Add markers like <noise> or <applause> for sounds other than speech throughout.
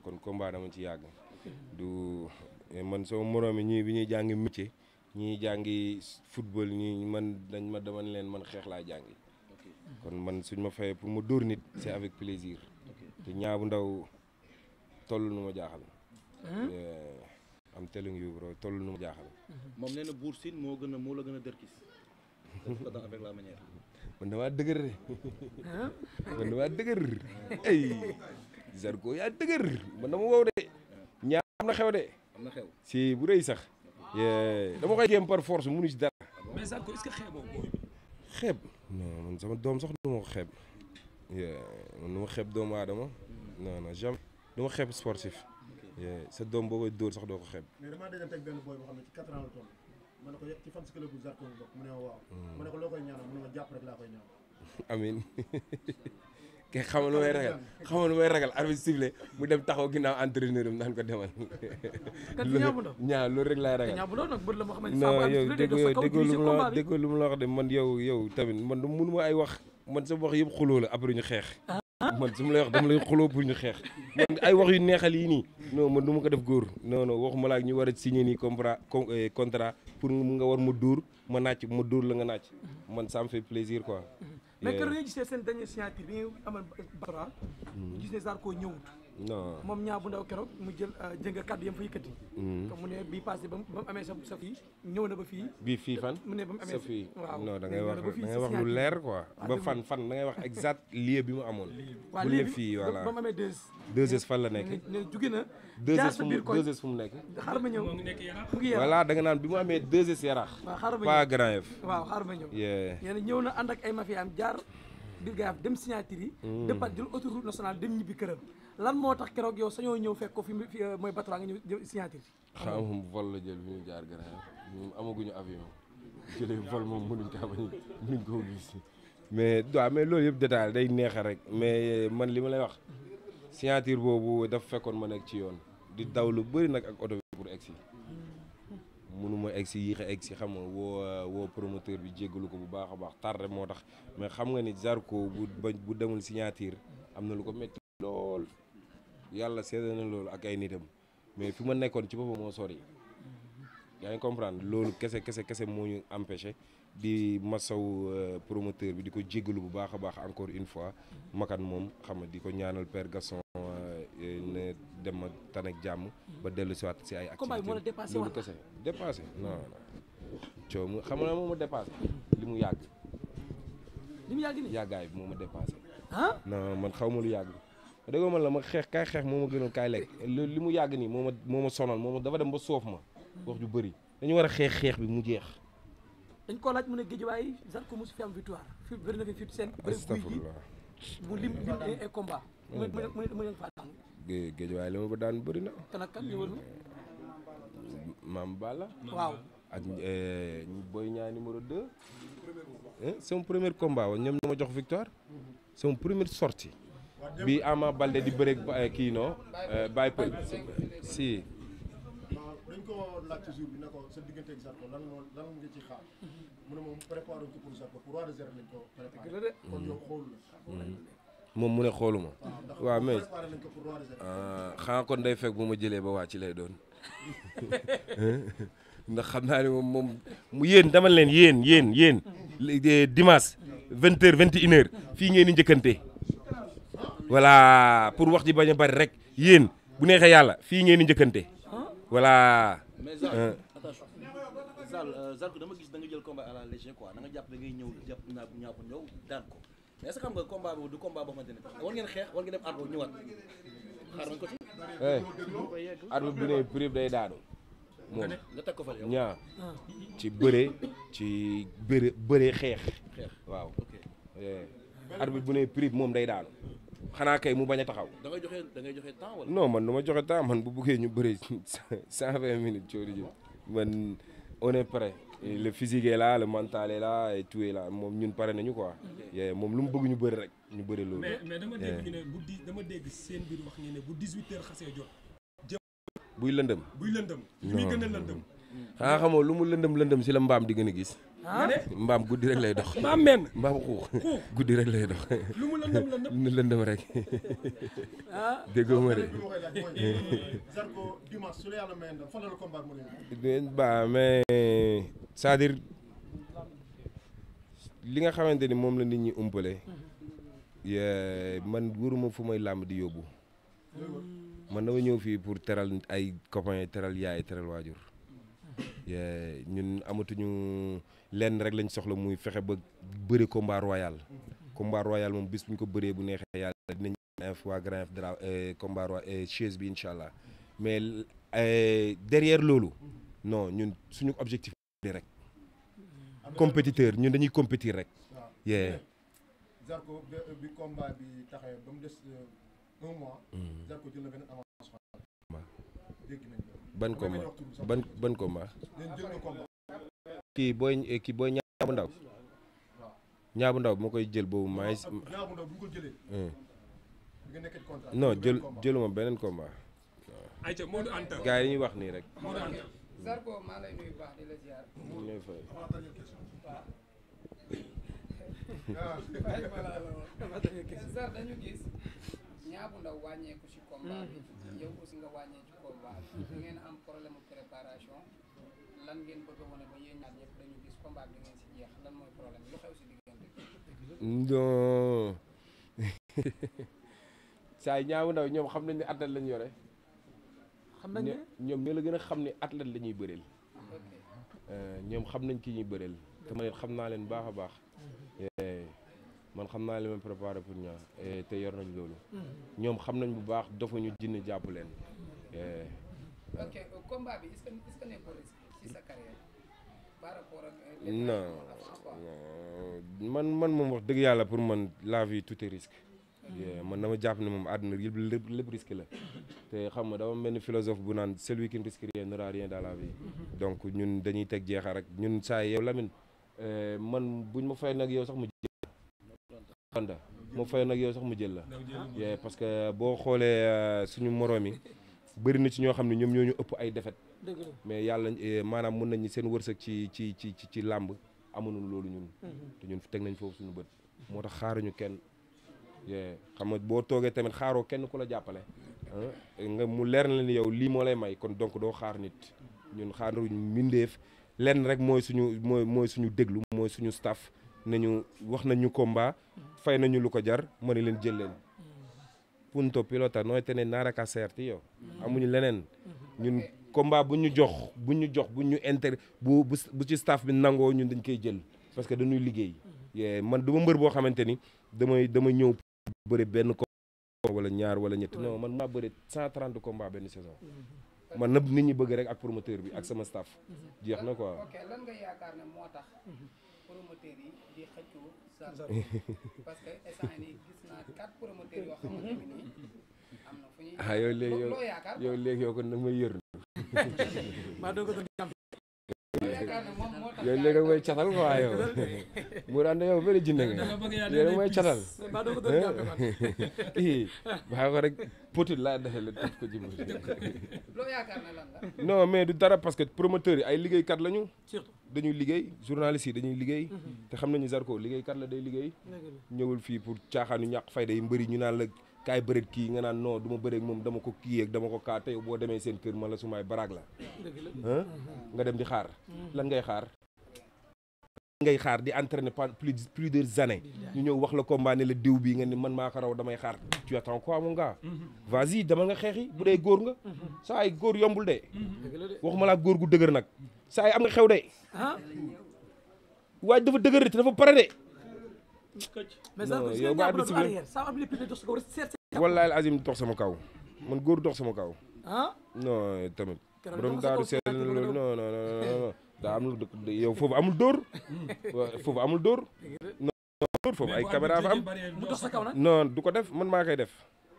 kon combat dama ci yàgg. du man soo moroom yi ñii bi ñuy jàngi métier ñii jàngi football ñii man dañ ma dama leen man xeex laa kon man suñ ma fayee pour ma dóor nit c'est avec plaisir. te ñaabu ndaw toll nu jaaxal. am telling yu toll nu ma jaaxal. Mhm. moom nee na Bour moo gën a moo la gën a dërkis. la dëgër de. <laughs> man damaa dëgër ay. Zarko yaa dëgër man dama wow de ñaar am na xew de. si bu rëy sax. dama koy géem par force munu si dara. mais Zarko sama doom sax du ma ko xeeb man doomu aadama non non jamais du ma xeeb sportif sa doom boo koy dóor sax doo ko xeeb. mais damaa hmm. loo koy ñaanal mu ne jàpp rek laa koy ñaanal. <laughs> amiin. <laughs> ke xamal lu may ragal xamal lu may ragal arbitre sifflé mu dem taxaw ginaaw entraîneur am naan ko demal. ñaa loolu rek laay ragal. non yow déggoo yow déggoo lu mu la déggoo lu la wax de man yow yow tamit man mënu ma ay wax man sama wax yëpp xuloo la après ñu xeex. Ah. man su ma lay wax dama lay xuloo pour ñu xeex man ay wax yu neexal yii nii non man du ma ko def góor non non waxuma laa ñu war a signé nii compra euh, contrat pour nga war ma dóor ma naaj ma dóor la nga naaj man ça me fait plaisir quoi. Mm-hmm. mais keroog nga gisee seen dernière signature bi ñu amoon Batra. ñu gis ne Zarko ñëwut. non moom ñaa bu ndaw keroog mu jël euh, jënga kàddu yam fa yëkkati comme mu ne bii passé ba mu amee sa fii ñëw na ba fii bii fii fan mu ne ba mu amee da ngay wax lu leer quoi ba fan fan da ngay wax exact lieu bi mu amoon bu le fii voilà ba mu amee deux deux heures fan la nekk ne juge na deux heures fu mu deux heures fu mu nekk xaaral ma ñëw mu ngi yarax voilà da naan bi mu amee deux heures yarax waaw xaaral ma ñëw pas ñëw na ñëw na ànd ak ay mafia am jaar biir gaaf dem signature yi hmm. départ jël autoroute nationale dem ñibbi këram lan moo tax keroog yow sañoo ñëw fekk ko fi euh, mooy Batra nga ñëw signature bi. vol la jël fi ñu jaar gannaaw moom amaguñu avion jëlee vol moom mënuñ kaa bañ mënuñ koo gis mais waaw mais loolu yëpp détail day neexa rek mais euh, man li ma lay wax signature boobu dafa fekkoon ma nekk ci yoon di daw lu bëri nag ak oto bi pour egsi mënuma egsi yéex a egsi xam nga woo woo promoteur bi jéggalu ko bu baax a baax tardé moo tax mais xam nga ni Zarko bu bu demul signature am na lu ko métti lool yàlla seede na loolu ak ay nitam mais fi ma nekkoon ci boppam moo sori yaa ngi comprendre loolu kese kese kese moo ñu empêché di masaw euh, promoteur bi di ko jéggalu bu baax a baax encore une fois makan moom xam nga di ko ñaanal père Gaston euh, ne jàmm ba dellu si waat si ay activité loolu kese dépassé non non mu xam na moom ma dépassé li mu yàgg yàggaay bi moo ma dépassé ah man xaw ma lu yàgg dëgg man la ma xeex kaay xeex moo ma gënal kaay lekk li mu yàgg nii moom ma moo ma sonal moo ma dafa dem ba soof ma wax ju bëri dañu war a xeex xeex bi mu jeex. dañ ko laaj mu ne Guédiawaye Zarko mosu fi am victoire fi bëri na fi fit seen. astafurlah mu lim lim ay ne ba daan bëri na. kan ak kan ñëwal ma. maam Balla. waaw eh, ñu Boy Niang numéro 2. Eh, sama premier combat wa ñoom ñoo ma jox victoire. sama première sorti bi Ama Baldé di bëreeg eh, kii non eh, Baye si. mu ne moom mu ne xooluma. Ah, waaw mais ah, xanaa kon day fekk bu ma jëlee ba waa ci lay doon <laughs> ndax xam naa ne moom moom mu yéen dama leen yéen yéen yéen dimanche vingt heures vingt et une fii ngeen di njëkkante. voilà pour wax ji bañ a bari rek yéen bu neexee yàlla fii ngeen di njëkkante voilà. mais Zarko euh. euh, dama gis da nga jël combat à la légère quoi da jàpp da ngay ñëw jàpp ñëw daan ko mais est que xam nga combat boobu du combat boo xamante ne war ngeen xeex war ngeen dem àndoo ñëwaat xaaral ko ne prix day daanu. moom ñaar ah. ci bëre ci bëre bëre xeex. waaw. Eh. bu ne prix moom day daanu. xanaa kay mu bañ a taxaw. da ngay joxe joxe temps wala. man nu ma joxe temps man bu buggee ñu bëri <laughs> cent vingt minutes coono ji man on est prêt. le physique est là le mental est là et tout moom ñun pare nañu quoi. moom lu mu bëgg ñu bëri rek ñu bëri loolu. dama dégg ñu ne bu ne bu dix huit heures xasee jot. jëm buy lëndëm. buy muy gën a lëndëm. xanaa ah, xamoo lu mu lëndëm lëndëm si la mbaam di gën a gis. Ah? mbaam guddi rek lay dox. mbaam men xuux guddi rek lay dox. lu mu lëndëm rek ah? déggoo ma de. ba mais cest li nga xamante ni moom la nit ñi umpale. man wóoruma fu may làmb di yóbbu. man dama ñëw fii pour teral ay copains teral yaay teral waajur. ñun amatuñu lenn rek lañ soxla muy fexe ba bëri combat royal. combat royal moom bis bu ko bëree bu neexee yàlla dinañ inf waa grand F dra combat royal euh, chaise bi incha allah mais euh, derrière loolu non ñun suñu objectif rek. compétiteur ñun dañuy compétir rek. waaw Zarko ban combat ban ban combat. kii booy ñaabu ndaw. ñaabu ndaw moo koy jël boobu maa hmm. ngi. non jël jëluma beneen combat. ñuy wax nii rek. <laughs> ñaabu ndaw wàññeeku ci combat bi. nga wàññee ci combat bi. ngeen am problème ndaw ñoom xam nañ ne athlète lañ yore. xam nañ ne ñoom la gën a xam ne athlète la ñuy bëreel. Eh, ñoom xam nañ ki ñuy bëreel. te man it xam naa leen baax a baax. Mm-hmm. Eh. man xam naa li ma préparé pour ñaa eh, te yor nañ loolu. Hmm. ñoom xam nañ bu baax dofuñu jinn jàpp leen. man man moom wax dëgg yàlla pour man la vie tout est risque. Hmm. man dama jàpp ni moom àdduna lépp lépp risque la hmm. te xam nga dama mel ni philosophe bu naan celui qui ne risque rien n'aura rien dans la vie donc ñun dañuy teg jeexal rek ñun saa yow Lamine eh, man buñ ma fay nag yow sax mu Honda mu fayoon nag yow sax mu jël la yee parce que euh, boo xoolee euh, suñu moroom yi bëri na ci ñoo xam ne ñoom ñoo ñu ëpp ay defet mais yàlla euh, maanaam mën nañu seen wërsëg ci ci ci ci làmb amuñu loolu ñun mm-hmm. te ñun teg nañ foofu suñu bët moo tax xaaruñu kenn xam nga boo toogee tamit xaaroo kenn ku la jàppale ah, nga mu leer na ni yow lii moo lay may kon donc doo xaar nit ñun xaaruñu mbindeef lenn rek mooy suñu mooy mooy suñu déglu mooy suñu staff nañu wax nañu komba fay nañu lu ko jar ma ne leen jël leen punto pilota nooy te ne naaraka seerti yow amuñu leneen ñun combat bu ñu jox bu ñu jox bu ñu inter bu bu ci staff bi nangoo ñun dañ koy jël parce que dañuy liggéey man duma mbër boo xamante ni damay dama ñëw bëri benn combat wala ñaar wala ñett non man maa bëri cent trente combat benn saison man na nit ñi bëgg rek ak promoteur bi ak sama jeex na quoi xëccoo parce que gis naa quatre promoteurs yoo xamante ne na fu ah yow léegi yow yow yow kon nag may yërlu. <laughs> maa doog a doon yooyu léegi mooy catal quoi yow <laughs> mu daan yow bëri jinne nga yooyu mooy catal <laughs> baax ko rek potit laa defee la def ko ji non mais du dara parce que promoteurs yi ay liggéeykat lañu dañuy liggéey journalistes yi dañuy liggéey mhm. te xam nañu Zarko kat la day liggéey ñëwul fii pour caaxaanu ñàkk fayda yi mbëri ñu naan la kaay bëreet kii nga naan non du ma bëreeg moom dama ko kii ak dama ko kaa tey boo demee seen kër ma la sumaay baraag la nga dem di xaar lan ngay xaar di entraîner pendant plus de années ñu ñëw wax la combat ne la diw bi nga ni man maa ko raw damay xaar tu attends quoi mon gars vas-y dama nga xeexi bu dee góor nga saa ay góor yombul de waxuma laa góor gu dëgër nag saa ay am nga xew de waaj dafa dëgër te dafa pare de non yow ba arbitre bi wallaahi azim dox sama kaw man góor dox sama kaw. ah non eh, tamit. borom daaru seen loolu non non non <laughs> daa am lu yow foofu amul dóor. Hmm. foofu amul dóor. non dóor foofu ay caméra fa am. mu dox sa kaw nag non du ko def man maa koy def.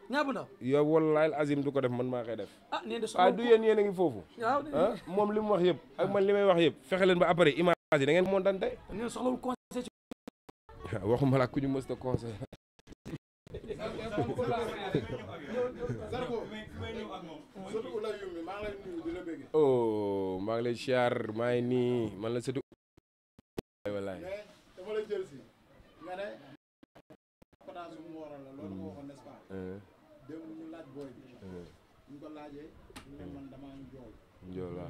ñaa bu ndaw yow wallahi azim du ko def man maa koy def. ah nee na ah, du a ngi foofu. Ah, moom li mu wax yëpp ak man li may wax yëpp fexe leen ba après image yi da ngeen montante. waaw <laughs> waxuma la ku ñu mës a conseil <laughs> oh maa ngi lay siyaar maa ngi nii man la sëtu wallaay njool waaw ah,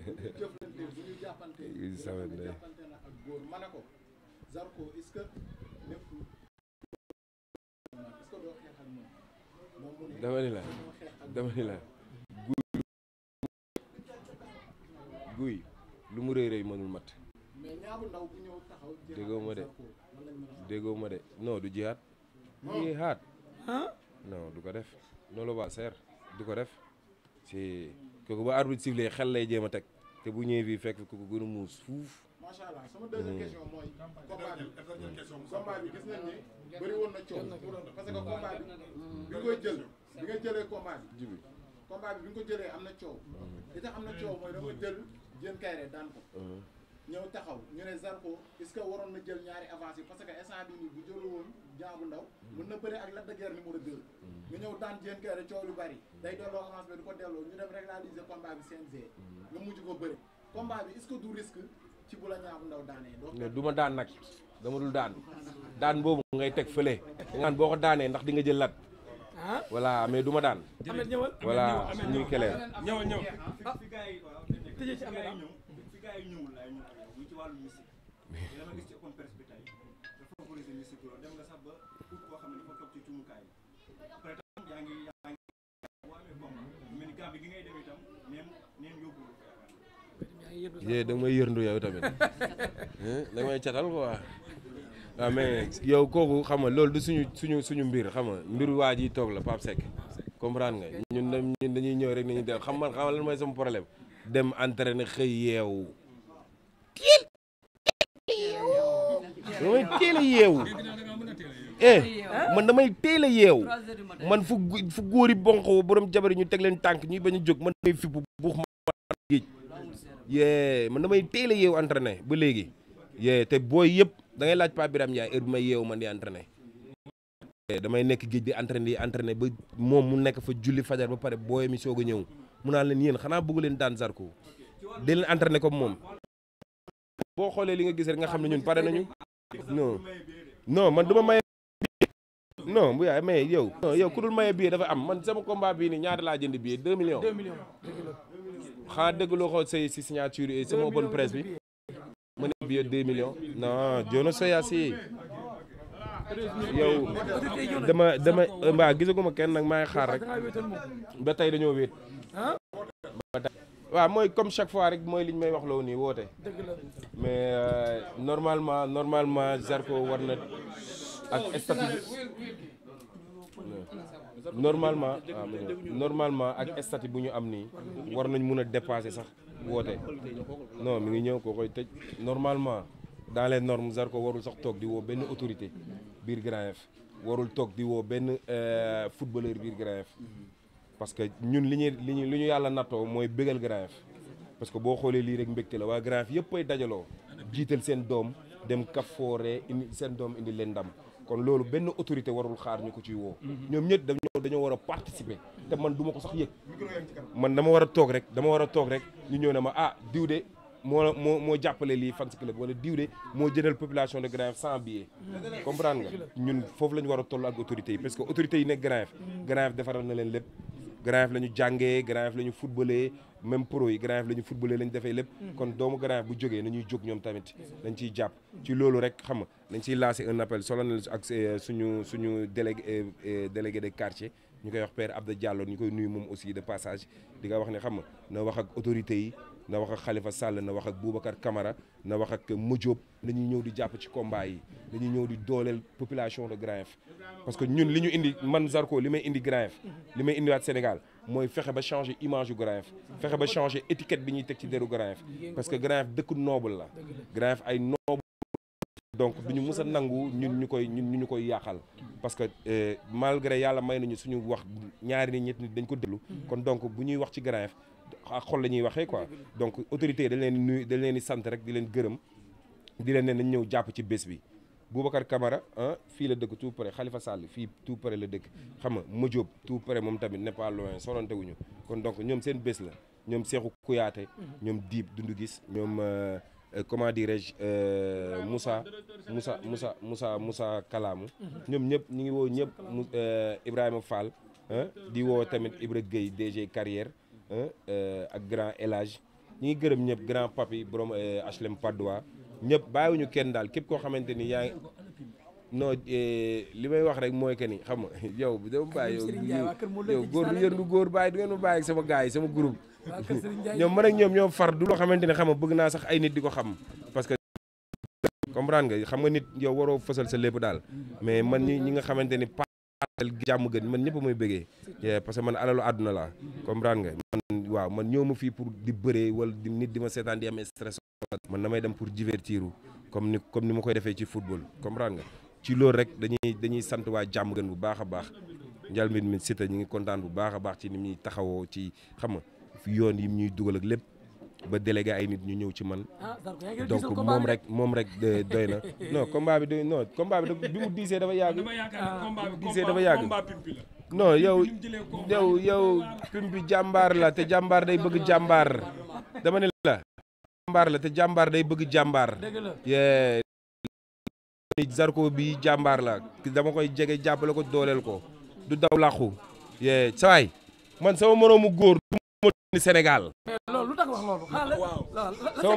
jëflante la dama guy lu mu rëy rëy mënul mat mais de déggoo de non du jihaat jihaat non du ko def noonu la seer du ko def si kooku ba arbitre sifflé xel lay jéem a teg te bu ñëwee fii fekk ku ko gën a muus fuuf. macha allah sama deuxième mm. question mooy. combat bi mm. combat gis nañ ne bëri na coow parce que combat bi mm. bi nga koy jël bi nga jëlee combat bi. combat bi bi nga ko jëlee am na coow. li tax am na coow mooy dafa jël jën kayre daan ko. ñëw taxaw ñu ne Zarko est que waroon na jël ñaari avance yi parce que instant bi nii bu jëlu woon jaabu ndaw mm. mën na bëre ak Lac de Guiers numéro 2 nga mm. ñëw daan jéen kay coow lu bari mm. day delloo avance bi du ko delloo ñu dem régulariser combat bi CNG nga mujj ko bëre combat bi est-ce que du risque ci bu la ñaabu ndaw daanee doo du ma daan nag dama dul daan daan boobu ngay teg fële naan boo ko daanee ndax di nga jël lat ah. voilà mais du ma daan voilà ñuy kelee ñëwal ñëwal gars yi ñëwul may yërndu yow tamit <laughs> da may catal quoi waaw mais yow kooku xam nga loolu du suñu suñu suñu mbir xam nga mbiru waa ji toog la Pape Seck comprendre nga ñun dañuy ñëw rek nañu dem xam man xam lan mooy sama problème dem entraîné xëy yeewu teel damay teel a yeewu eh man damay teel a yeewu man fu fu góori bonko borom jabar ñu teg leen tànk ñuy bañ a jóg man damay fipp buux ma géej yee man a yeewu entraîné ba léegi yee te booy yëpp da laaj Pa Biram Ndiaye heure bi may yeewu man di entraîné eh, damay nekk géej di entraîné yi entraîné ba moom mu nekk fa julli fajar ba pare booy mi soog ñëw mu naan leen yéen xanaa bëgg leen daan sarko di leen entraîné comme moom boo xoolee li nga gis rek nga xam ne ñun pare nañu. non non man du ma maye. non bu maye yow. non yow ku dul maye billet dafa am man sama combat bii nii ñaata laa jënd bii 2 millions. 2 dëgg loo say si signature sama bonne presse bi. ne billet 2 millions. non Jono Soyasi. yow dama dama mbaa gisaguma kenn nag maay xaar rek. ba tey dañoo wéet. waaw mooy comme chaque fois rek mooy li ñu may wax loo nii woote. mais euh, normalement normalement Zarko war na ak statut normalement ah, normalement ak statut bu ñu am nii war nañ mun a dépasser sax woote non mi ngi ñëw ko koy tëj normalement dans les normes Zarko warul sax toog di woo benn autorité biir Grand Yoff warul toog di woo benn euh, footballeur biir Grand Yoff parce que ñun li ñuy li ñu li ñu yàlla nattoo mooy bégal Grand parce que boo xoolee lii rek mbégte la waa Grand Yoff yëpp ay dajaloo jiital seen doom dem kafoore indi seen doom indi leen ndam kon loolu benn autorité warul xaar ñu ko ci woo ñoom ñett dañoo dañoo war a participer te man duma ko sax yëg man dama war a toog rek dama war a toog rek ñu ñëw ne ma ah diw de moo moo moo jàppale lii fans club wala diw de moo jëndal population de Grand Yoff sans billet comprendre la ñu war a toll ak autorités yi que autorités yi nekk Grand Yoff na leen lépp Grand Yoff la ñu jàngee Grand Yoff la ñu footballé même pro yi la ñu footballé la ñu defee lépp mm. kon doomu Grand Yoff bu jógee nañuy jóg ñoom tamit dañ ciy jàpp ci loolu rek xam nga dañ ciy lancé un appel solennel ak euh, suñu suñu délégué euh, euh, délégué de quartier ñu koy wax père Abda Diallo ñu koy nuyu moom aussi de passage di nga wax ne xam nga na wax ak autorités yi na wax ak Khalifa Sall na wax ak Boubacar Camara na wax ak Modiob ñuy ñëw di jàpp ci combat yi dañuy ñëw di dooleel population de Grand parce que ñun li ñu indi man Zarko li may indi Grand li may indiwaat Sénégal mooy fexe ba changer image yu Grand fexe ba changer étiquette bi ñuy teg ci deru Grand parce que Grand Yoff dëkku noble la Grand ay noble donc duñu mës a nangu ñun ñu koy ñun ñu koy yàqal parce que euh, malgré yàlla may nañu suñu wax ñaari nit ñett nit dañ ko déglu kon donc bu ñuy wax ci Grand Yoff ak xol la ñuy waxee quoi donc autorité dañ leen nuyu dañ leen di sant rek di leen gërëm di leen ne nañ ñëw jàpp ci bés bi Boubacar Camara ah fii la dëkk tout près Khalifa Sall fii tout près la dëkk xam nga Madiop tout près moom tamit n'est pas loin sorante wuñu kon donc ñoom seen bés la ñoom Cheikhou Kouyaté ñoom Diib Dundu Gis ñoom euh, Euh, comment dirais-je euh, Moussa Moussa Moussa Moussa Moussa Kalamu ñoom ñëpp ñu ngi woo ñëpp euh, Ibrahima Fall di woo tamit Ibra Gueye DG Carrière ak grand élage ñu ngi gërëm ñëpp grand papi borom HLM Padois ñëpp bàyyiwuñu kenn daal képp koo xamante ni yaa ngi li may wax rek mooy que ni xam nga yow dama bàyyi yow góor du yëndu góor bàyyi du ngeen ma bàyyi sama gars yi sama groupe ñoom man ak ñoom ñoom far du loo xamante ni xam nga bëgg naa sax ay nit di ko xam parce que comprendre nga xam nga nit yow waroo fësal sa lépp daal mais man ñi ñi nga xamante ni paal jàmm gën man ñëpp mooy bëggee parce que man alalu àdduna la comprendre nga man waaw man ñëw ma fii pour di bëree wala di nit di ma seetaan di am stress man na may dem pour divertir comme ni comme ni ma koy defee ci football comprendre nga ci loolu rek dañuy sant waa jàmm gën bu baax a baax njal mi Siteu ñu ngi kontaan bu baax a baax ci ni muy taxawoo ci xam nga yoon yi ñuy dugal ak lépp ba délégué ay nit ñu ñëw ci man. Ah, donc moom rek moom euh, rek doy na. <laughs> non combat bi doy non combat bi bi mu diisee dafa yàgg. Ah, dafa yàgg diisee dafa yàgg. non yow yow yow pimpi jàmbaar te jàmbaar day bëgg jàmbaar dama ne la. jàmbaar te jàmbaar day bëgg jàmbaar. dëgg Zarko bi jàmbaar la dama koy jege jàppale ko dooleel ko. du daw làqu. saa waay man sama moroomu góor. Sénégal. mais loolu lu tax wax loolu. waaw sama